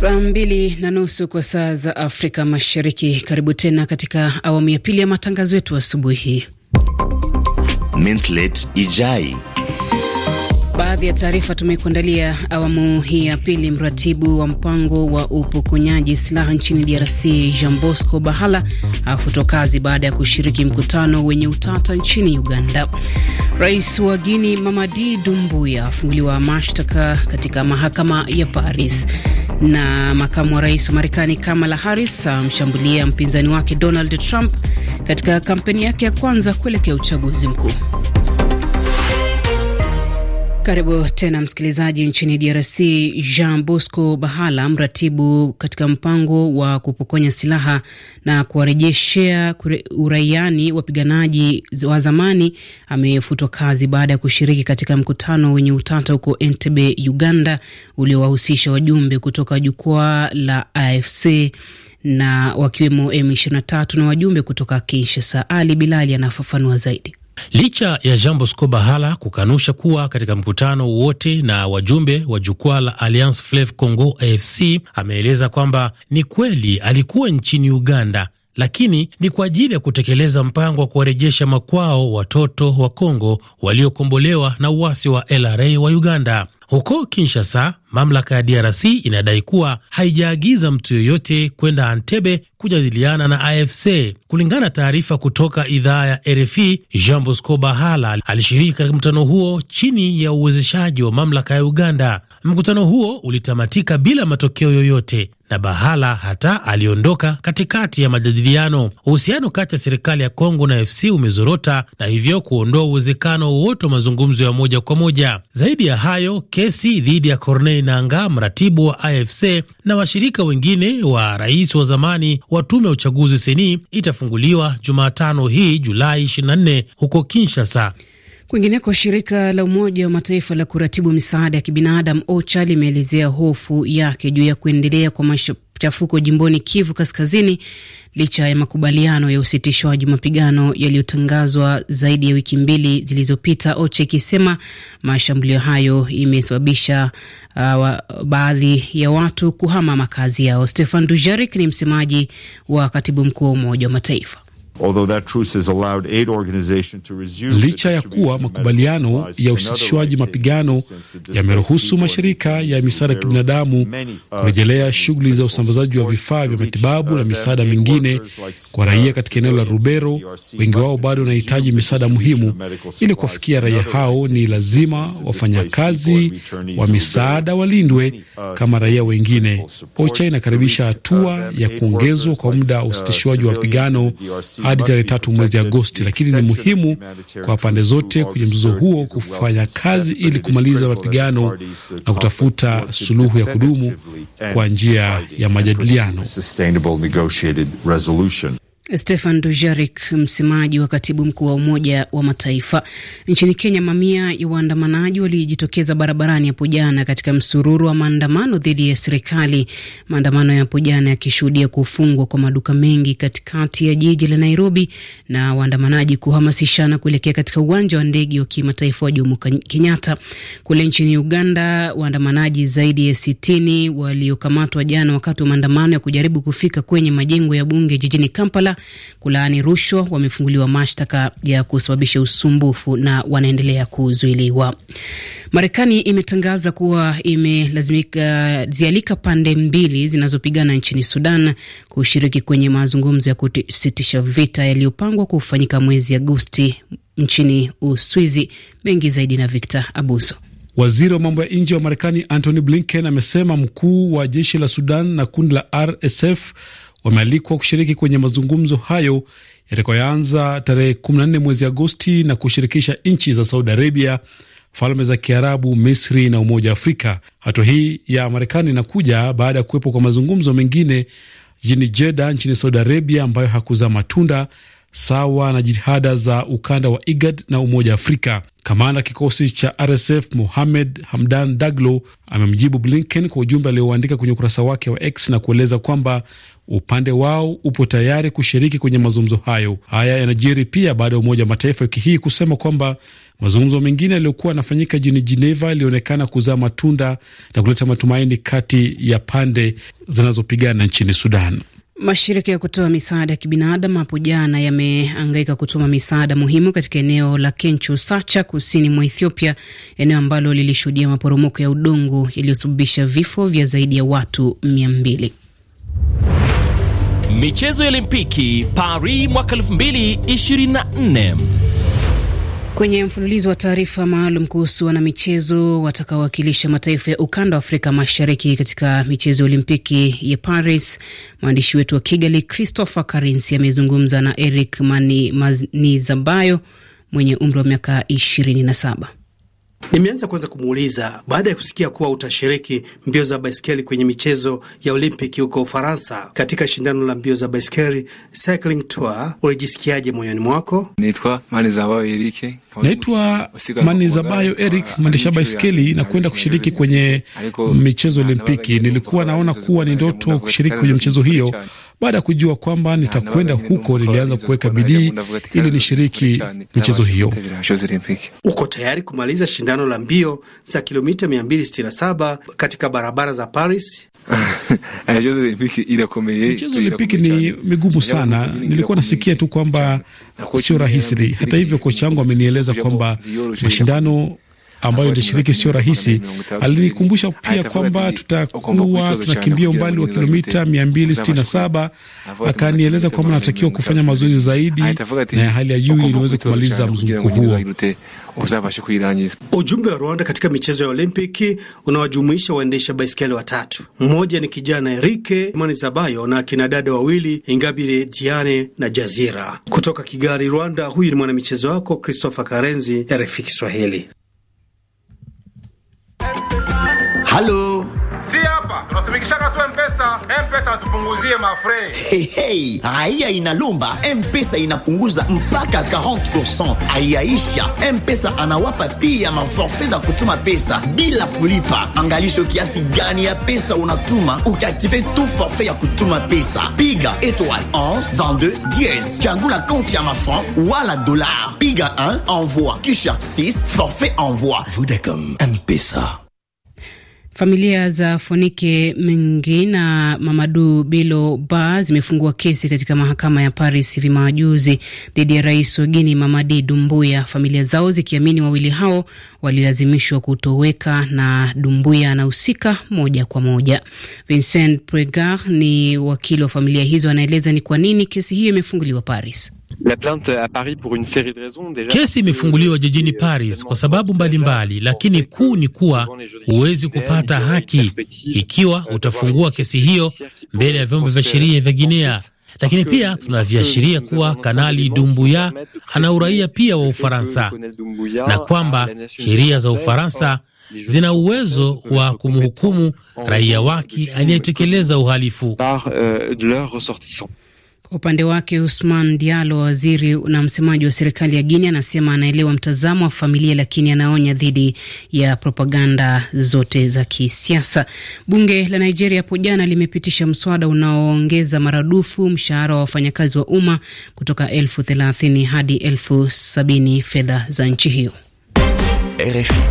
Saa mbili na nusu kwa saa za Afrika Mashariki. Karibu tena katika awamu ya pili ya matangazo yetu asubuhi. Minslet Ijai. Baadhi ya taarifa tumekuandalia awamu hii ya pili. Mratibu wa mpango wa upokonyaji silaha nchini DRC Jean Bosco Bahala afutwa kazi baada ya kushiriki mkutano wenye utata nchini Uganda. Rais wa Guini Mamadi Dumbuya afunguliwa mashtaka katika mahakama ya Paris na makamu wa rais wa Marekani Kamala Harris amshambulia mpinzani wake Donald Trump katika kampeni yake ya kwanza kuelekea uchaguzi mkuu. Karibu tena msikilizaji. Nchini DRC, Jean Bosco Bahala, mratibu katika mpango wa kupokonya silaha na kuwarejeshea uraiani wapiganaji wa zamani, amefutwa kazi baada ya kushiriki katika mkutano wenye utata huko Entebbe, Uganda, uliowahusisha wajumbe kutoka jukwaa la AFC na wakiwemo M23 na wajumbe kutoka Kinshasa. Ali Bilali anafafanua zaidi. Licha ya Jean Bosco Bahala kukanusha kuwa katika mkutano wote na wajumbe wa jukwaa la Alliance Fleuve Congo AFC, ameeleza kwamba ni kweli alikuwa nchini Uganda, lakini ni kwa ajili ya kutekeleza mpango wa kuwarejesha makwao watoto wa congo waliokombolewa na uasi wa LRA wa Uganda. Huko Kinshasa, mamlaka ya DRC inadai kuwa haijaagiza mtu yoyote kwenda Antebe kujadiliana na AFC. Kulingana na taarifa kutoka idhaa ya RFI, Jean Bosco Bahala alishiriki katika mkutano huo chini ya uwezeshaji wa mamlaka ya Uganda. Mkutano huo ulitamatika bila matokeo yoyote na Bahala hata aliondoka katikati ya majadiliano. Uhusiano kati ya serikali ya Kongo na FC umezorota na hivyo kuondoa uwezekano wowote wa mazungumzo ya moja kwa moja. Zaidi ya hayo, kesi dhidi ya Corneille Nangaa, mratibu wa AFC na washirika wengine wa rais wa zamani wa tume ya uchaguzi seni itafunguliwa Jumatano hii Julai 24 huko Kinshasa. Kwingineko, shirika la Umoja wa Mataifa la kuratibu misaada ya kibinadamu OCHA limeelezea hofu yake juu ya kuendelea kwa machafuko jimboni Kivu Kaskazini licha ya makubaliano ya usitishwaji mapigano yaliyotangazwa zaidi ya wiki mbili zilizopita, OCHA ikisema mashambulio hayo imesababisha uh, baadhi ya watu kuhama makazi yao. Stefan Dujarik ni msemaji wa katibu mkuu wa Umoja wa Mataifa. Licha ya kuwa makubaliano ya usitishwaji mapigano yameruhusu mashirika ya misaada ya kibinadamu uh, kurejelea shughuli za usambazaji wa vifaa vya matibabu na uh, misaada mingine kwa raia katika eneo la Rubero, wengi wao bado wanahitaji misaada muhimu. Ili kuwafikia raia hao, ni lazima wafanyakazi wa misaada walindwe uh, kama raia wengine. OCHA inakaribisha hatua ya kuongezwa kwa muda wa usitishwaji wa mapigano hadi tarehe tatu mwezi Agosti, lakini ni muhimu kwa pande zote kwenye mzozo huo kufanya kazi ili kumaliza mapigano na kutafuta suluhu ya kudumu kwa njia ya majadiliano. Stefan Dujarik, msemaji wa katibu mkuu wa Umoja wa Mataifa. Nchini Kenya, mamia ya waandamanaji walijitokeza barabarani hapo jana katika msururu wa maandamano dhidi ya serikali. Maandamano ya hapo jana yakishuhudia kufungwa kwa maduka mengi katikati ya jiji la Nairobi na waandamanaji kuhamasishana kuelekea katika uwanja wa ndege wa kimataifa wa Jomo Kenyatta. Kule nchini Uganda, waandamanaji zaidi ya sitini waliokamatwa jana wakati wa maandamano ya kujaribu kufika kwenye majengo ya bunge jijini Kampala kulaani rushwa wamefunguliwa mashtaka ya kusababisha usumbufu na wanaendelea kuzuiliwa. Marekani imetangaza kuwa imelazimika uh, zialika pande mbili zinazopigana nchini Sudan kushiriki kwenye mazungumzo ya kusitisha vita yaliyopangwa kufanyika mwezi Agosti nchini Uswizi. Mengi zaidi na Victor Abuso. Waziri wa mambo ya nje wa Marekani Antony Blinken amesema mkuu wa jeshi la Sudan na kundi la RSF wamealikwa kushiriki kwenye mazungumzo hayo yatakayoanza tarehe 14 mwezi Agosti na kushirikisha nchi za Saudi Arabia, Falme za Kiarabu, Misri na Umoja wa Afrika. Hatua hii ya Marekani inakuja baada ya kuwepo kwa mazungumzo mengine jijini Jeda nchini Saudi Arabia ambayo hakuzaa matunda sawa na jitihada za ukanda wa IGAD na Umoja wa Afrika. Kamanda kikosi cha RSF Mohamed Hamdan Daglo amemjibu Blinken kwa ujumbe alioandika kwenye ukurasa wake wa X na kueleza kwamba upande wao upo tayari kushiriki kwenye mazungumzo hayo. Haya yanajiri pia baada ya Umoja wa Mataifa wiki hii kusema kwamba mazungumzo mengine yaliyokuwa yanafanyika jini Geneva yalionekana kuzaa matunda na kuleta matumaini kati ya pande zinazopigana nchini Sudan. Mashirika ya kutoa misaada ya kibinadamu hapo jana yameangaika kutuma misaada muhimu katika eneo la Kencho Sacha kusini mwa Ethiopia, eneo ambalo lilishuhudia maporomoko ya udongo yaliyosababisha vifo vya zaidi ya watu mia mbili. Michezo ya Olimpiki Paris mwaka 2024. Kwenye mfululizo wa taarifa maalum kuhusu wanamichezo watakaowakilisha mataifa ya ukanda wa Afrika Mashariki katika michezo ya Olimpiki ya Paris, mwandishi wetu wa Kigali Christopher Karensi amezungumza na Eric Mani Manizabayo mwenye umri wa miaka 27. Nimeanza kwanza kumuuliza baada ya kusikia kuwa utashiriki mbio za baiskeli kwenye michezo ya Olimpiki huko Ufaransa, katika shindano la mbio za baiskeli cycling tour, ulijisikiaje moyoni mwako? Naitwa Manizabayo Eric, uh, mwendesha baiskeli na kwenda kushiriki kwenye michezo Olimpiki. Nilikuwa naona kuwa ni ndoto kushiriki kwenye mchezo hiyo baada ya kujua kwamba nitakwenda huko, nilianza kuweka bidii ili nishiriki michezo hiyo. Uko tayari kumaliza shindano la mbio za kilomita 267 katika barabara za Paris? Eh, michezo Olimpiki ni migumu sana. Nilikuwa nasikia tu kwamba sio rahisi. Hata hivyo, kocha wangu amenieleza kwamba mashindano ambayo nitashiriki sio rahisi. Alinikumbusha pia kwamba tutakuwa tunakimbia umbali wa kilomita 267. Akanieleza kwamba natakiwa kufanya mazoezi zaidi na ya hali ya juu ili niweze kumaliza mzunguko huo. Ujumbe wa Rwanda katika michezo ya Olimpiki unawajumuisha waendesha baiskeli watatu. Mmoja ni kijana Enrique Manizabayo na kina dada wawili Ingabire Diane na Jazira. Kutoka Kigali, Rwanda, huyu ni mwanamichezo wako Christopher Karenzi, RFI Kiswahili. Halo. Si hapa tunatumikishaka tu Mpesa. Mpesa tupunguzie mafre. Hey, hey. Aya inalomba Mpesa inapunguza mpaka 40%. Ayaisha Mpesa anawapa pia maforfe za kutuma pesa bila kulipa. Angalisho kiasi gani ya pesa unatuma ukiaktive tu forfait ya kutuma pesa. Piga étoile 11 22 10 la konti ya mafran wala dollar. Piga 1 envoi kisha 6 forfait envoi. Vodacom Mpesa Familia za Fonike Mengi na Mamadu Bilo Ba zimefungua kesi katika mahakama ya Paris hivi majuzi dhidi ya rais wa Guini Mamadi Dumbuya, familia zao zikiamini wawili hao walilazimishwa kutoweka na Dumbuya anahusika moja kwa moja. Vincent Pregar ni wakili wa familia hizo, anaeleza ni kwa nini kesi hiyo imefunguliwa Paris la plainte à Paris pour une de raisons déjà. Kesi imefunguliwa jijini Paris kwa sababu mbalimbali mbali, lakini kuu ni kuwa huwezi kupata haki ikiwa euh, utafungua kesi hiyo mbele ya vyombo vya sheria vya Guinea lakini pia tunaviashiria kuwa Kanali Dumbuya ana uraia pia wa Ufaransa na kwamba sheria za Ufaransa zina uwezo wa kumhukumu raia wake aliyetekeleza uhalifu. Euh, kwa upande wake Usman Dialo, waziri na msemaji wa serikali ya Guinea, anasema anaelewa mtazamo wa familia, lakini anaonya dhidi ya propaganda zote za kisiasa. Bunge la Nigeria hapo jana limepitisha mswada unaoongeza maradufu mshahara wa wafanyakazi wa umma kutoka elfu thelathini hadi elfu sabini fedha za nchi hiyo. RFI.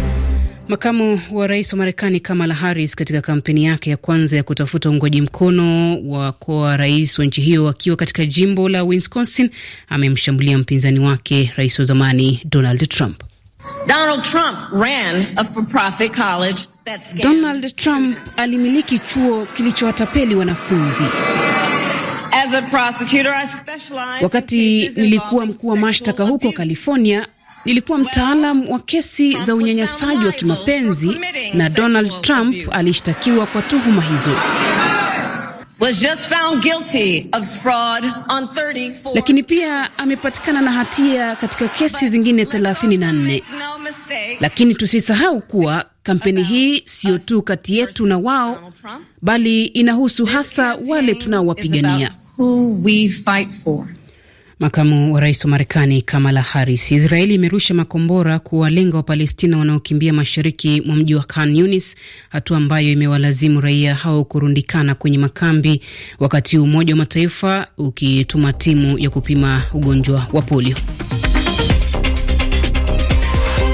Makamu wa rais wa Marekani Kamala Harris katika kampeni yake ya kwanza ya kutafuta uungwaji mkono wa kuwa rais wa nchi hiyo akiwa katika jimbo la Wisconsin amemshambulia mpinzani wake rais wa zamani Donald Trump. Donald Trump ran a for-profit college Donald Trump alimiliki chuo kilichowatapeli wanafunzi. As a prosecutor, I Wakati nilikuwa mkuu wa mashtaka huko California nilikuwa mtaalam wa kesi za unyanyasaji wa kimapenzi na Donald Trump alishtakiwa kwa tuhuma hizo. Was just found guilty of fraud on 34. Lakini pia amepatikana na hatia katika kesi zingine 34. Lakini tusisahau kuwa kampeni hii sio tu kati yetu na wao, bali inahusu hasa wale tunaowapigania. Who we fight for. Makamu wa rais wa Marekani Kamala Harris. Israeli imerusha makombora kuwalenga Wapalestina wanaokimbia mashariki mwa mji wa Khan Yunis, hatua ambayo imewalazimu raia hao kurundikana kwenye makambi, wakati Umoja wa Mataifa ukituma timu ya kupima ugonjwa wa polio.